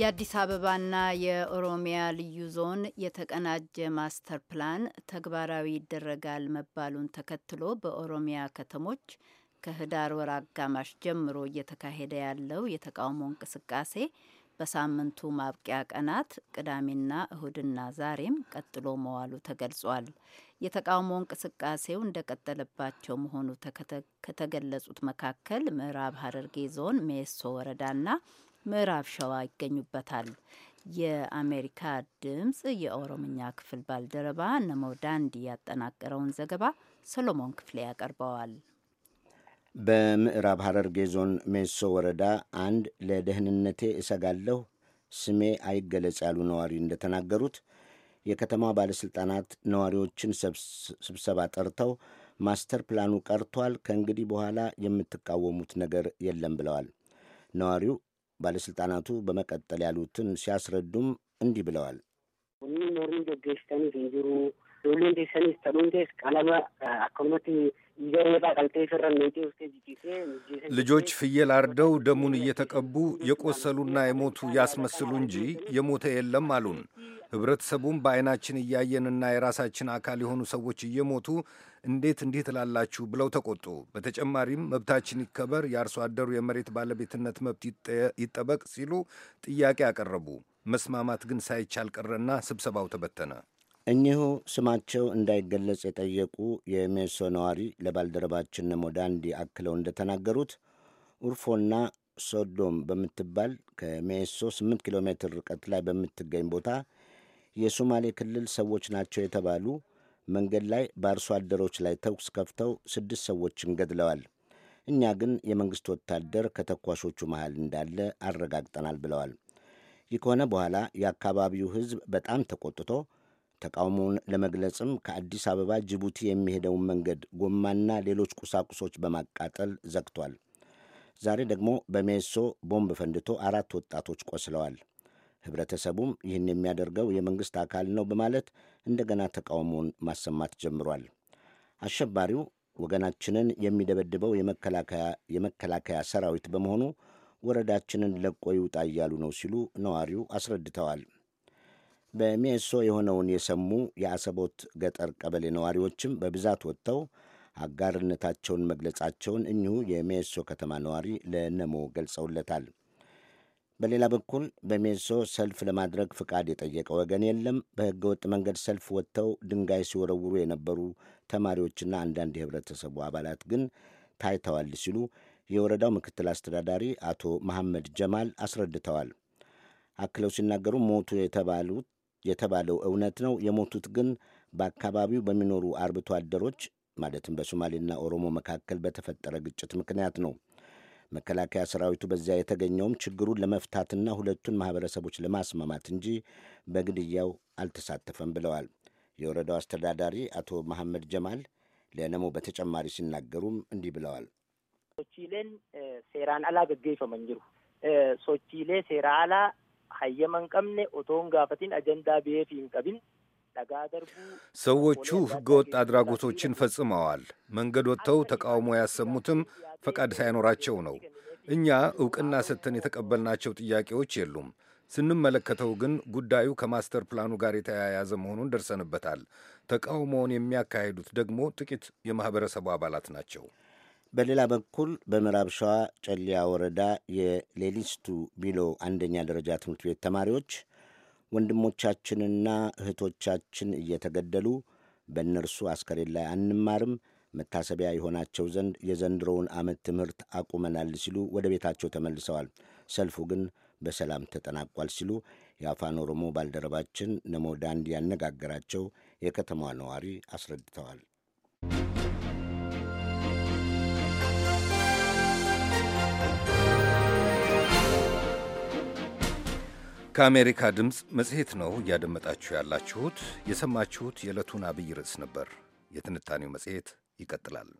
የአዲስ አበባና የኦሮሚያ ልዩ ዞን የተቀናጀ ማስተር ፕላን ተግባራዊ ይደረጋል መባሉን ተከትሎ በኦሮሚያ ከተሞች ከህዳር ወር አጋማሽ ጀምሮ እየተካሄደ ያለው የተቃውሞ እንቅስቃሴ በሳምንቱ ማብቂያ ቀናት ቅዳሜና እሁድና ዛሬም ቀጥሎ መዋሉ ተገልጿል። የተቃውሞ እንቅስቃሴው እንደቀጠለባቸው መሆኑ ከተገለጹት መካከል ምዕራብ ሐረርጌ ዞን ሜሶ ወረዳና ምዕራብ ሸዋ ይገኙበታል። የአሜሪካ ድምፅ የኦሮምኛ ክፍል ባልደረባ ነሞዳንዲ ያጠናቀረውን ዘገባ ሰሎሞን ክፍሌ ያቀርበዋል። በምዕራብ ሐረርጌ ዞን ሜሶ ወረዳ አንድ ለደህንነቴ እሰጋለሁ ስሜ አይገለጽ ያሉ ነዋሪ እንደተናገሩት የከተማ ባለሥልጣናት ነዋሪዎችን ስብሰባ ጠርተው ማስተር ፕላኑ ቀርቷል፣ ከእንግዲህ በኋላ የምትቃወሙት ነገር የለም ብለዋል። ነዋሪው ባለሥልጣናቱ በመቀጠል ያሉትን ሲያስረዱም እንዲህ ብለዋል። ሁሉም ደገስተኒ ሩ ዶሎ ንዴሰኒ ተሎ ቀለበ አኮመት ልጆች ፍየል አርደው ደሙን እየተቀቡ የቆሰሉና የሞቱ ያስመስሉ እንጂ የሞተ የለም አሉን። ህብረተሰቡም በአይናችን እያየንና የራሳችን አካል የሆኑ ሰዎች እየሞቱ እንዴት እንዲህ ትላላችሁ ብለው ተቆጡ። በተጨማሪም መብታችን ይከበር፣ የአርሶ አደሩ የመሬት ባለቤትነት መብት ይጠበቅ ሲሉ ጥያቄ አቀረቡ። መስማማት ግን ሳይቻል ቀረና ስብሰባው ተበተነ። እኚሁ ስማቸው እንዳይገለጽ የጠየቁ የሜሶ ነዋሪ ለባልደረባችን ነሞ ዳንዲ አክለው እንደተናገሩት ኡርፎና ሶዶም በምትባል ከሜሶ 8 ኪሎ ሜትር ርቀት ላይ በምትገኝ ቦታ የሶማሌ ክልል ሰዎች ናቸው የተባሉ መንገድ ላይ በአርሶ አደሮች ላይ ተኩስ ከፍተው ስድስት ሰዎችን ገድለዋል። እኛ ግን የመንግሥት ወታደር ከተኳሾቹ መሃል እንዳለ አረጋግጠናል ብለዋል። ይህ ከሆነ በኋላ የአካባቢው ሕዝብ በጣም ተቆጥቶ ተቃውሞውን ለመግለጽም ከአዲስ አበባ ጅቡቲ የሚሄደውን መንገድ ጎማና ሌሎች ቁሳቁሶች በማቃጠል ዘግቷል። ዛሬ ደግሞ በሜሶ ቦምብ ፈንድቶ አራት ወጣቶች ቆስለዋል። ህብረተሰቡም ይህን የሚያደርገው የመንግሥት አካል ነው በማለት እንደገና ተቃውሞውን ማሰማት ጀምሯል። አሸባሪው ወገናችንን የሚደበድበው የመከላከያ ሰራዊት በመሆኑ ወረዳችንን ለቆ ይውጣ እያሉ ነው ሲሉ ነዋሪው አስረድተዋል። በሚኤሶ የሆነውን የሰሙ የአሰቦት ገጠር ቀበሌ ነዋሪዎችም በብዛት ወጥተው አጋርነታቸውን መግለጻቸውን እኚሁ የሚኤሶ ከተማ ነዋሪ ለነሞ ገልጸውለታል። በሌላ በኩል በሚኤሶ ሰልፍ ለማድረግ ፍቃድ የጠየቀ ወገን የለም። ወጥ መንገድ ሰልፍ ወጥተው ድንጋይ ሲወረውሩ የነበሩ ተማሪዎችና አንዳንድ የህብረተሰቡ አባላት ግን ታይተዋል ሲሉ የወረዳው ምክትል አስተዳዳሪ አቶ መሐመድ ጀማል አስረድተዋል። አክለው ሲናገሩ ሞቱ የተባሉት የተባለው እውነት ነው። የሞቱት ግን በአካባቢው በሚኖሩ አርብቶ አደሮች ማለትም በሶማሌና ኦሮሞ መካከል በተፈጠረ ግጭት ምክንያት ነው። መከላከያ ሰራዊቱ በዚያ የተገኘውም ችግሩን ለመፍታትና ሁለቱን ማህበረሰቦች ለማስማማት እንጂ በግድያው አልተሳተፈም ብለዋል። የወረዳው አስተዳዳሪ አቶ መሐመድ ጀማል ለነሞ በተጨማሪ ሲናገሩም እንዲህ ብለዋል። ሶቺሌን ሴራን አላ ገገይፈመንጅሩ ሶቺሌ ሴራ አላ ሀየማን ቀምኔ ኦቶን ጋፈቲን አጀንዳ ብሄፊ እንቀቢን ሰዎቹ ህገወጥ አድራጎቶችን ፈጽመዋል። መንገድ ወጥተው ተቃውሞ ያሰሙትም ፈቃድ ሳይኖራቸው ነው። እኛ ዕውቅና ሰጥተን የተቀበልናቸው ጥያቄዎች የሉም። ስንመለከተው ግን ጉዳዩ ከማስተር ፕላኑ ጋር የተያያዘ መሆኑን ደርሰንበታል። ተቃውሞውን የሚያካሂዱት ደግሞ ጥቂት የማኅበረሰቡ አባላት ናቸው። በሌላ በኩል በምዕራብ ሸዋ ጨልያ ወረዳ የሌሊስቱ ቢሎ አንደኛ ደረጃ ትምህርት ቤት ተማሪዎች ወንድሞቻችንና እህቶቻችን እየተገደሉ በእነርሱ አስከሬን ላይ አንማርም፣ መታሰቢያ የሆናቸው ዘንድ የዘንድሮውን ዓመት ትምህርት አቁመናል ሲሉ ወደ ቤታቸው ተመልሰዋል። ሰልፉ ግን በሰላም ተጠናቋል ሲሉ የአፋን ኦሮሞ ባልደረባችን ነሞ ዳንድ ያነጋገራቸው የከተማዋ ነዋሪ አስረድተዋል። ከአሜሪካ ድምፅ መጽሔት ነው እያደመጣችሁ ያላችሁት። የሰማችሁት የዕለቱን አብይ ርዕስ ነበር። የትንታኔው መጽሔት ይቀጥላል።